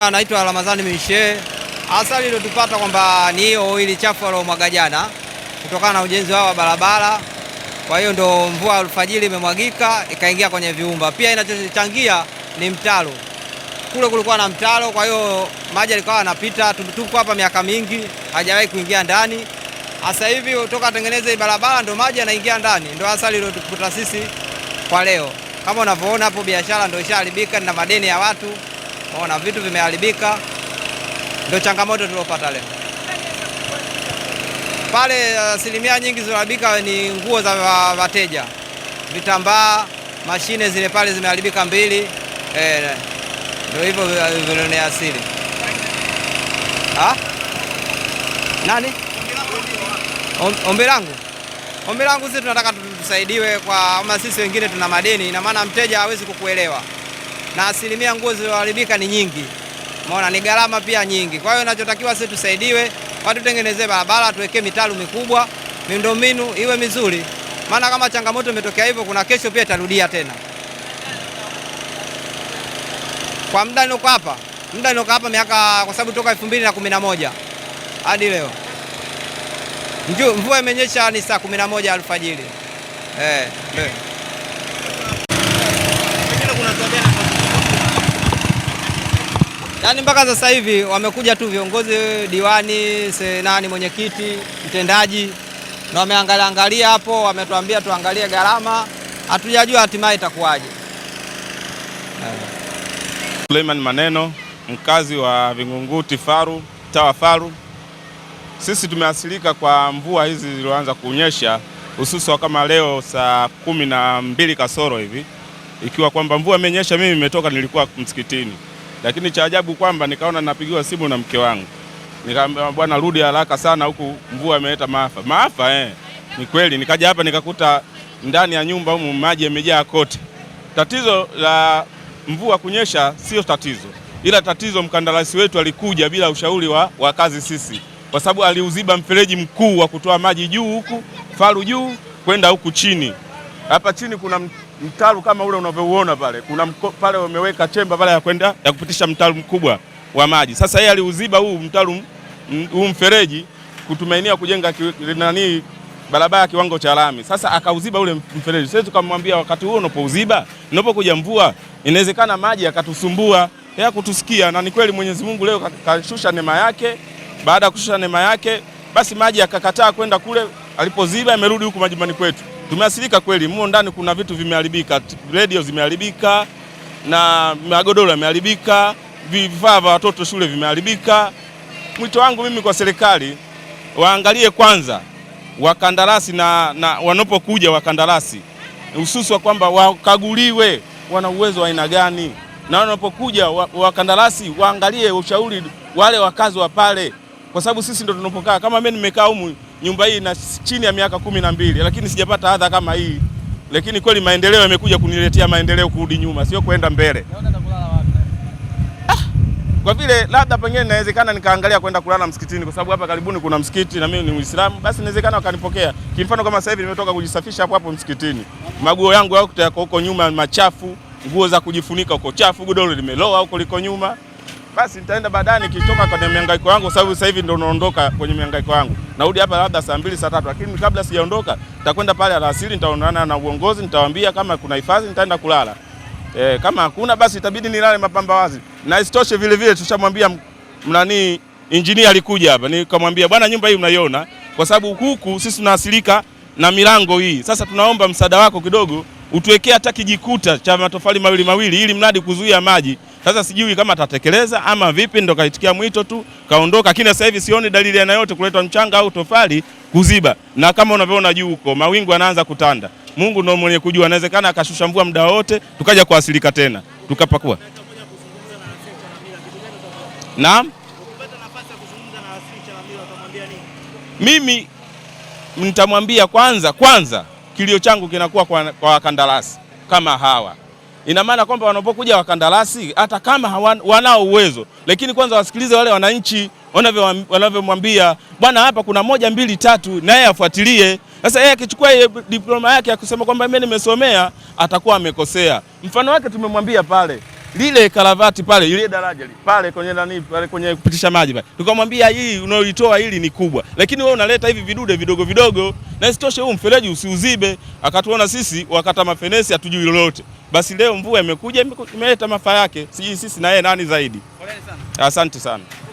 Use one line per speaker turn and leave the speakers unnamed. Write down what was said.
Anaitwa Ramadhani Mishe. Athari iliyotupata kwamba ni hiyo oili chafu aliomwaga jana kutokana na ujenzi wao wa barabara. Kwa hiyo ndo mvua alfajiri imemwagika ikaingia kwenye viumba. Pia inachochangia ni mtaro, kule kulikuwa na mtaro, kwa hiyo maji alikuwa anapita. Tuko hapa miaka mingi hajawahi kuingia ndani, sasa hivi toka atengeneze barabara ndo maji yanaingia ndani, ndo athari iliyotukuta sisi kwa leo. Kama unavyoona hapo, biashara ndo ishaharibika na madeni ya watu. Maona vitu vimeharibika, ndio changamoto tuliopata leo pale. Uh, asilimia uh, nyingi ziliharibika ni nguo za uh, wateja, vitambaa, mashine zile pale zimeharibika mbili. Eh, ndio hivyo uh, vilionea asili ha? Nani? Ombi langu ombi langu, sisi tunataka tusaidiwe kwa ama, sisi wengine tuna madeni, ina maana mteja hawezi kukuelewa na asilimia nguo zilizoharibika ni nyingi, umeona ni gharama pia nyingi. Kwa hiyo inachotakiwa sisi tusaidiwe, watu barabara, tuwekee mitaru mikubwa, miundombinu iwe mizuri, maana kama changamoto imetokea hivyo, kuna kesho pia itarudia tena. Kwa muda niko hapa, muda niko hapa miaka, kwa sababu toka 2011 hadi leo mvua imenyesha ni saa 11 alfajiri. Eh, eh. Yaani mpaka sasa hivi wamekuja tu viongozi, diwani, senani, mwenyekiti, mtendaji, na wameangalia angalia hapo, wametuambia tuangalie gharama, hatujajua hatimaye itakuwaje.
Suleiman Maneno, mkazi wa Vingunguti Faru, Tawa Faru. Sisi tumeasilika kwa mvua hizi zilizoanza kunyesha hususan kama leo saa kumi na mbili kasoro hivi, ikiwa kwamba mvua imenyesha. Mimi nimetoka nilikuwa msikitini lakini cha ajabu kwamba nikaona napigiwa simu na mke wangu, nikaambia bwana, rudi haraka sana huku, mvua imeleta maafa. Maafa eh, ni kweli. Nikaja hapa nikakuta ndani ya nyumba humu maji yamejaa kote. Tatizo la mvua kunyesha sio tatizo, ila tatizo mkandarasi wetu alikuja bila ushauri wa wakazi sisi, kwa sababu aliuziba mfereji mkuu wa kutoa maji juu huku Faru juu kwenda huku chini. Hapa chini kuna mtaro kama ule unavyouona pale, kuna pale wameweka chemba pale ya kwenda ya kupitisha mtaro mkubwa wa maji. Sasa yeye aliuziba huu mtaro huu mfereji kutumainia kujenga nani barabara ya kiwango cha lami. Sasa akauziba ule mfereji. Sasa tukamwambia wakati huo unapouziba, unapokuja mvua, inawezekana maji yakatusumbua ya kutusikia. Na ni kweli Mwenyezi Mungu leo kashusha neema yake. Baada ya kushusha neema yake, basi maji yakakataa kwenda kule alipoziba, yamerudi huku majumbani kwetu tumeathirika kweli. mmo ndani kuna vitu vimeharibika, redio zimeharibika na magodoro yameharibika, vifaa vya watoto shule vimeharibika. Mwito wangu mimi kwa serikali waangalie kwanza wakandarasi na, na wanapokuja wakandarasi hususa kwamba wakaguliwe wana uwezo wa aina gani, na wanapokuja wakandarasi waangalie ushauri wale wakazi wa pale, kwa sababu sisi ndo tunapokaa. Kama mimi nimekaa humu nyumba hii na chini ya miaka kumi na mbili, lakini sijapata adha kama hii. Lakini kweli maendeleo yamekuja kuniletea maendeleo, kurudi nyuma, sio kwenda mbele. Ah, kwa vile labda pengine inawezekana nikaangalia kwenda kulala msikitini, kwa sababu hapa karibuni kuna msikiti na mimi ni Muislamu, basi inawezekana wakanipokea. Kimfano kama sasa hivi nimetoka kujisafisha hapo hapo msikitini, maguo yangu yako huko nyuma machafu, nguo za kujifunika huko chafu, godoro limeloa huko liko nyuma basi nitaenda baadaye nikitoka kwenye mihangaiko yangu, sababu sasa hivi ndo naondoka kwenye mihangaiko yangu, narudi hapa labda saa mbili saa tatu, lakini kabla sijaondoka nitakwenda pale alasiri, nitaonana na uongozi, nitawaambia kama kuna hifadhi nitaenda kulala e, kama hakuna basi itabidi nilale mapamba wazi, na isitoshe vile vile tushamwambia mnani injinia alikuja hapa, nikamwambia bwana, nyumba hii unaiona, kwa sababu huku sisi tunaasilika na milango hii. Sasa tunaomba msaada wako kidogo, utuwekee hata kijikuta cha matofali mawili mawili, ili mradi kuzuia maji sasa sijui kama atatekeleza ama vipi, ndo kaitikia mwito tu kaondoka, lakini sasa hivi sioni dalili yoyote kuletwa mchanga au tofali kuziba, na kama unavyoona juu huko mawingu yanaanza kutanda. Mungu ndo mwenye kujua, inawezekana akashusha mvua muda wote tukaja kuasilika tena tukapakua. Naam, mimi nitamwambia kwanza kwanza, kilio changu kinakuwa kwa, kwa wakandarasi kama hawa Ina maana kwamba wanapokuja wakandarasi hata kama wanao uwezo, lakini kwanza wasikilize wale wananchi wanavyomwambia bwana, hapa kuna moja mbili tatu, na yeye afuatilie. Sasa yeye akichukua diploma yake ya kusema kwamba mimi nimesomea, atakuwa amekosea. Mfano wake tumemwambia pale lile karavati pale, ile daraja pale kwenye nani pale kwenye kupitisha maji pale, tukamwambia hii unayoitoa hili ni kubwa, lakini wewe unaleta hivi vidude vidogo vidogo, na isitoshe huu mfereji usiuzibe. Akatuona sisi wakata mafenesi hatujui lolote. Basi leo mvua imekuja imeleta mafaa yake, sijui sisi na yeye nani zaidi. Asante sana.